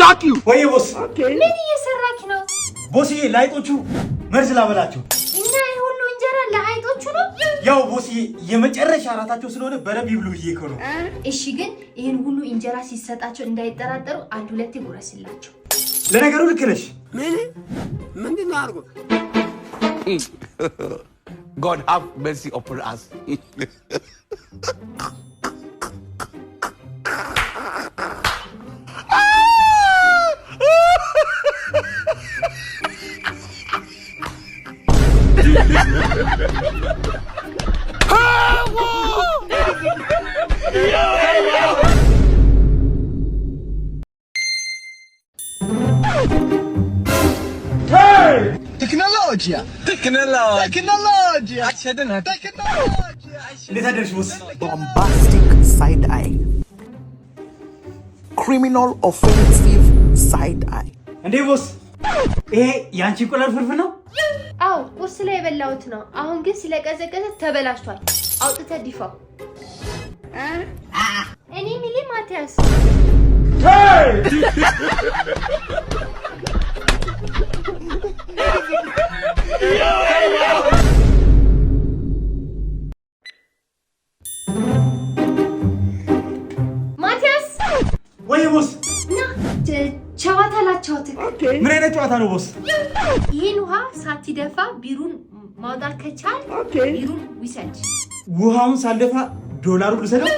ዛኪው ወይ ቦስ ምን እየሰራክ ነው? ቦስዬ ለአይጦቹ መርዝ ላበላቸው እና የሁሉ እንጀራ ለአይጦቹ ነው። ያው ቦስዬ የመጨረሻ አራታቸው ስለሆነ በረቢ ይብሉ ብዬ ነው። እሺ፣ ግን ይህን ሁሉ እንጀራ ሲሰጣቸው እንዳይጠራጠሩ አንድ ሁለቴ ጉረስላቸው። ለነገሩ ልክ ነሽ። ምን ምንድን ነው አድርጎ God have mercy upon us Technology. Technology. Technology. I bombastic side eye. Criminal offensive side eye. And he was ይሄ የአንቺ እንቁላል ፍርፍር ነው? አዎ ቁርስ ላይ የበላሁት ነው። አሁን ግን ስለቀዘቀዘ ተበላሽቷል። አውጥተ ዲፋው። እኔ ሚሊ ማቲያስ ማቲያስ ወይ ውስጥ ምን አይነት ጨዋታ ነው ቦስ? ይህን ውሃ ሳትደፋ ቢሩን ማውጣት ከቻል ቢሩን ውሰድ። ውሃውን ሳልደፋ ዶላሩ ልሰደው?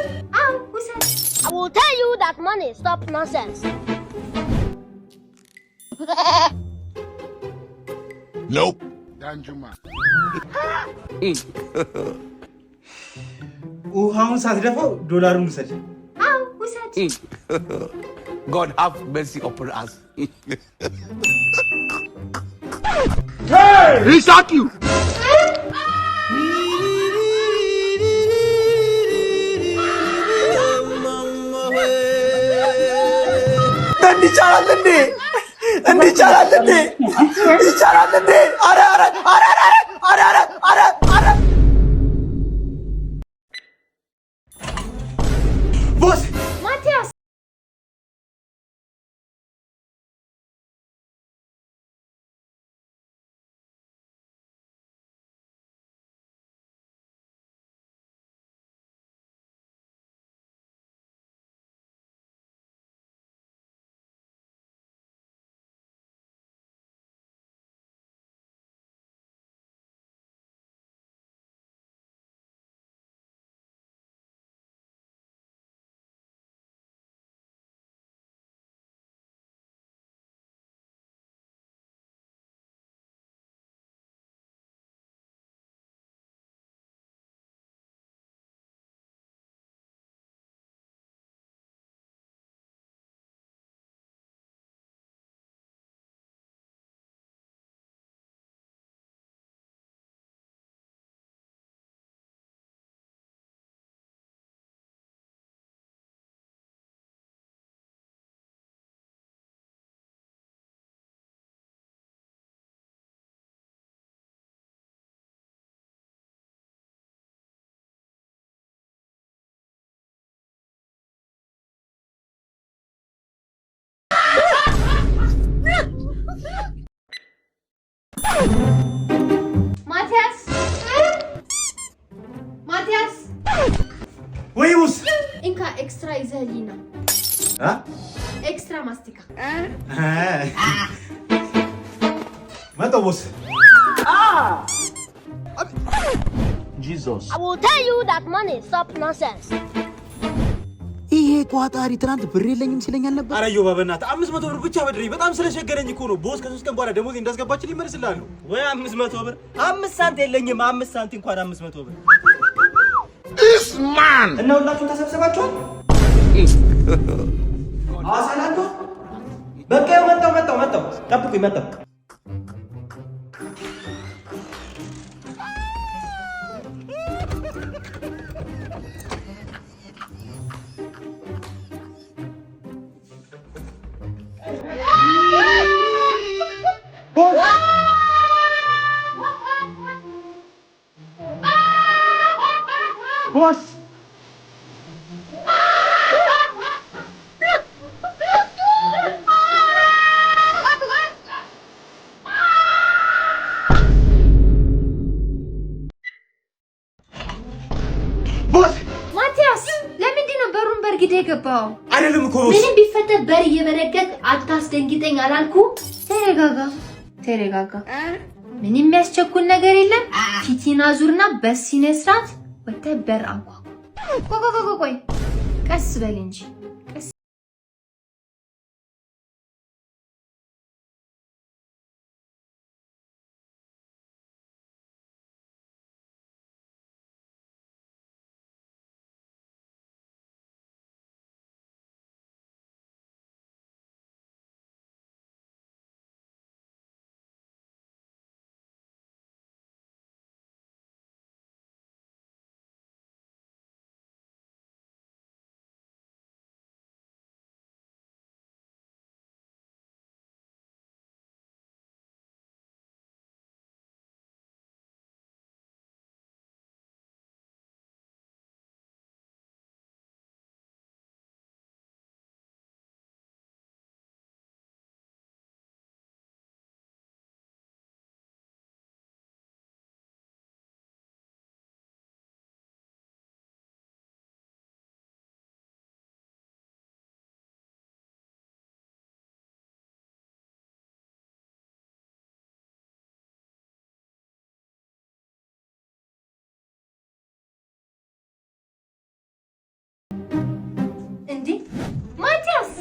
አዎ ውሰድ። ውሃውን ሳትደፋው ዶላሩን ውሰድ። አዎ ውሰድ። God have mercy upon us. hey! He shot you! తండ్రి చాలా తండ్రి తండ్రి చాలా తండ్రి చాలా తండ్రి ኤክስትራ ይዘህልኝ ነው። ኤክስትራ ማስቲካ መጠወስ ይሄ ቋጣሪ ትናንት ብር የለኝም ሲለኝ አልነበር? አረ ዮባ በእናትህ አምስት መቶ ብር ብቻ በድሬ በጣም ስለሸገረኝ እኮ ነው። ቦስ ከሶስት ቀን በኋላ ደሞዝ እንዳስገባችልኝ ይመልስልሃል። ወይ አምስት መቶ ብር አምስት ሳንቲም የለኝም። አምስት ሳንቲም እንኳን አምስት መቶ ብር ዲስ ማን እና ሁላችሁ ተሰብስባችኋል። አዋሳ በቃ መጣው መጣው መጣው ጠብቁኝ መጣው cross. ማቲያስ ለምንድን ነው በሩን በርግደ የገባው? አይደለም እኮ ምንም ቢፈጠር በር እየበረገጥ አታስደንግጠኝ አላልኩህ? ተረጋጋ፣ ተረጋጋ። ምንም የሚያስቸኩል ነገር የለም። ፊትን አዙርና በስነ ስርዓት ወጥተህ በር አንኳኳ። ቆይ ቆይ ቆይ፣ ቀስ በል እንጂ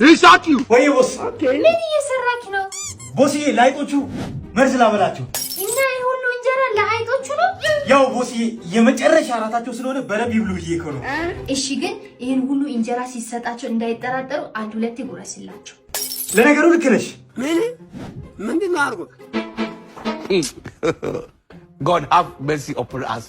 ወይ ቦስ፣ ምን ነው? ቦስዬ ለአይጦቹ መርዝ ላበላቸው እና እንጀራ ለአይጦቹ ነው። ያው ቦስዬ የመጨረሻ አራታቸው ስለሆነ በረቢ ይብሉ ነው። እሺ፣ ግን ይህን ሁሉ እንጀራ ሲሰጣቸው እንዳይጠራጠሩ አንድ ሁለቴ ይጎረስላቸው። ለነገሩ ልክ ነሽ። ምን ምንድን ነው God have mercy upon us.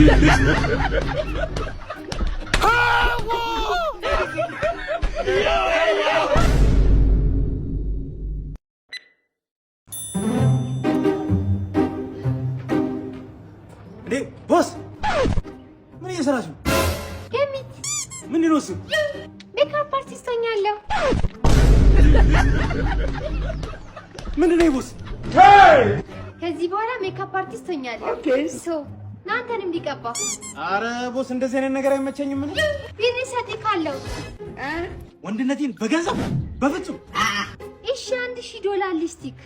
ቦስ ምን እየሰራሽ ነው? ደሚት ምን ነው እሱ? ሜካፕ አርቲስት ሆኛለሁ። ምንድን ነው ቦስ? ከዚህ በኋላ ሜካፕ አርቲስት ሆኛለሁ። ኦኬ ሶ ለአንተንም ሊቀባ። አረ ቦስ እንደዚህ አይነት ነገር አይመቸኝም። ምን ቢዝነስ ሰጥ ካለው ወንድነቴን በገንዘብ በፍጹም። እሺ አንድ ሺህ ዶላር ሊስቲክ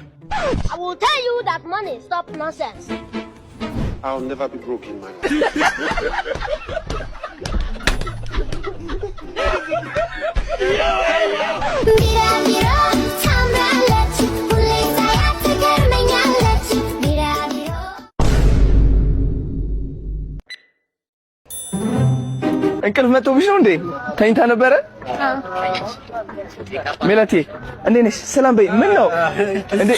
እንቅልፍ መጥቶብሽ ነው እንዴ? ተኝታ ነበረ? ሜላቴ እንዴ ነሽ? ሰላም በይ። ምን ነው እንዴ?